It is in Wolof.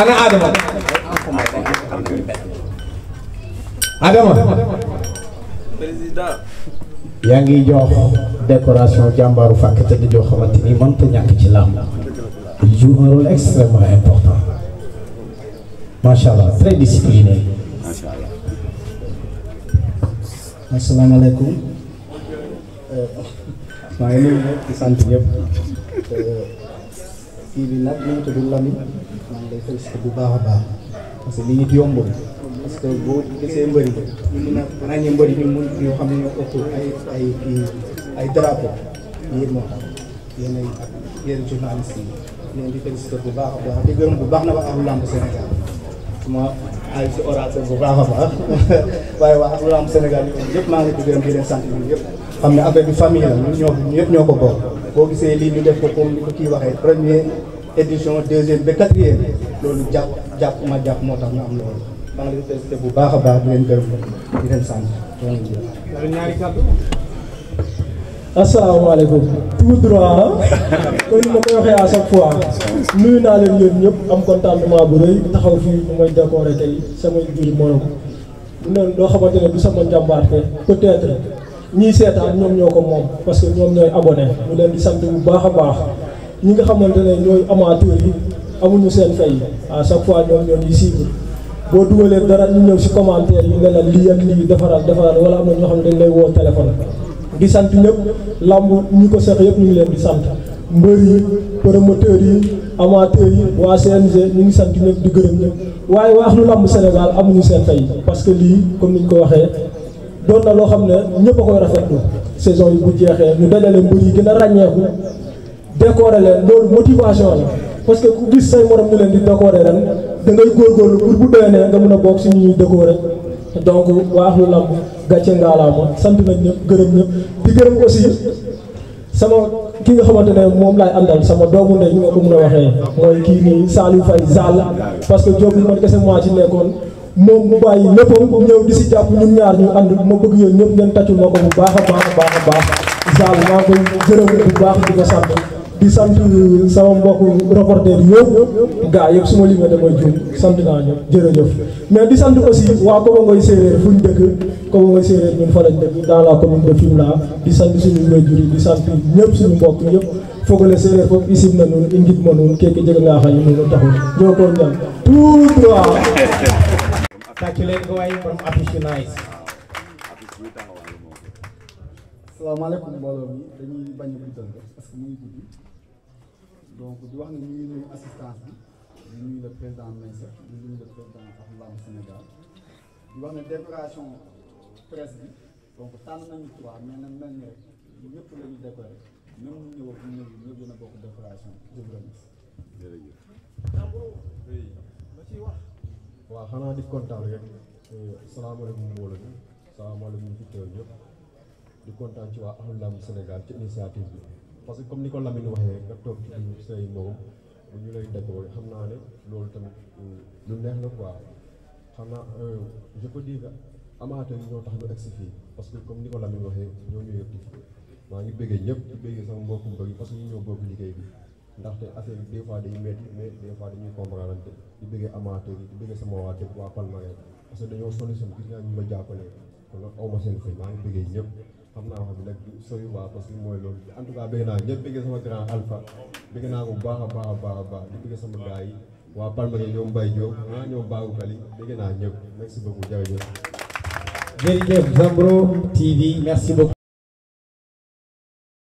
ana adama adama président yaa ngi jox décoration jàmbaaru fàkk te di jox xamante ni mënta ñàkk ci làmb il joue un rôle important macha allah très discipliné asalaamaaleykum maa ngi nuyu ñëpp kii bi nag ñu ngi tudd Lamine maa ngi lay félicité bu baax a baax parce que li ñu yombul parce que boo gisee mbëri ñu mun a ràññee mbëri ñu mun ñoo xam ne ñoo ëpp ay ay kii ay drapeau yéen moo tax yéen ay ak yéen journaliste yi ñu di félicité bu baax baax di gërëm bu baax na waa Lamb Sénégal ma ay si orateur bu baax baax waaye waa Lamb Sénégal ñoom ñëpp ngi di gërëm di leen sant ñoom xam ne affaire bi famille la ñun ñoo ñëpp ñoo ko bokk boo gisee lii ñu def ko comme ko kii waxe première édition deuxième ba quatrième lolu japp japp ma japp motax ñu am lolu maa ngi félicité bu baaxa baax di leen gërëm di leen sant ñaari kàddu asalaamaaleykum tout droit kon hein? ma koy waxee à chaque fois nuyu naa leen yéen ñëpp am contentement bu rëy taxaw fii bu may décorer tey sama jur morom mu ne loo xamante ne du sama njàmbaarte peut-être ñiy seetaan ñoom ñoo ko moom parce que ñoom ñooy abonné ñu leen di sant bu baax a baax ñi nga xamante ne ñooy amateur yi amuñu seen fay à chaque fois ñoom ñoo ñuy suivre boo dugalee dara ñu ñëw si commentaire yi nga ne lii ak am na ñoo xam woo téléphone di sant ñëpp làmb ñi ko seq yëpp ñu leen di sant mbër yi promoteurs yi amateurs yi waa CNG ñu ngi sant ñëpp di waaye wax lu làmb Sénégal amuñu seen fay parce que lii comme ni ñu ko waxee doon na loo xam ne ñëpp a koy rafetlu saison yi bu jeexee ñu dajale mbir yi gën a ràññeeku décorer leen loolu motivation la parce que ku gis say morom ñu leen di décorer ren da ngay góorgóorlu pour bu déwénee nga mën a bokk si ñu ñuy décorer donc waa sant nañ ñëpp di gërëm aussi sama ki nga xamante ne moom laay àndal sama doomu ndey ñu nga ko mën a waxee mooy kii parce que Diop man kese moo ci nekkoon. moom mu bàyyi léppam ñëw di si jàpp ñun ñaar ñu ànd ma bëgg yéen ñëpp ngeen tàccul ma ko bu baax a baax a baax a baax Zal maa koy gërëm bu baax di ko sant di sant euh, sama mbokk reporter yëpp gaa yëpp su ma limee damay juum sant naa ñëpp jërëjëf mais di sant aussi waa Koba Ngoy Séeréer fu ñu dëkk Koba di sant suñu wéjur ñëpp suñu mbokk yëpp fogole séeréer foofu isib na noonu ingit ma noonu kéeki jega ngaa xayi noonu taxul ñoo ko ñaan tout droit tàcc leen ko waaye borom affiche salaamaaleykum mbooloo mi dañuy bañ a guddal rek parce que mu ngi guddi donc di wax ne ñu ngi assistance bi di nuyu le président Meïssa di nuyu le président Abdoulaye Sénégal di wax ne décoration presse bi donc tànn nañu trois mais nag mel ni rek ñëpp la ñu décoré même ñu ñëw ñu ñëw ñëpp dina bokk décoration je vous remercie. waaw xanaa di kontaan rek eh, salaamaaleykum mbooloo mi salaamaaleykum ñu fi teew ñëpp di kontaan ci waa Ahlu Lamb Sénégal ci initiative bi parce que comme ni ko Lamine waxee nga toog ci say moom bu ñu lay déggoo xam naa ne loolu tamit eh, lu neex la quoi xam naa eh, je peux dire amateur yi ñoo tax ñu egsi fii parce que comme ni ko Lamine waxee ñoo ñu yëpp maa ngi bëggee ñëpp di bëggee sama mbokku mbër yi parce que ñu ñoo bokk liggéey bi. ndaxte affaire bi des fois day métti mais des fois dañuy comprendre te di bëggee amateur yi di bëggee sama waa dëkk waa Palmarin parce que dañoo solution gis naa ñu ma jàppale kon nag aw ma seen fay maa ngi bëggee ñëpp xam naa wax bi nag sooy waa parce que mooy loolu en tout cas bëgg naa ñëpp bëggee sama grand alpha bëgg naa ko bu baax a baax a baax a baax di bëggee sama gars yi waa Palmarin ñoom Mbaye Diop ah ñoom Babou Kali bëgg naa ñëpp merci beaucoup jërëjëf. jërëjëf Zambro TV merci beaucoup.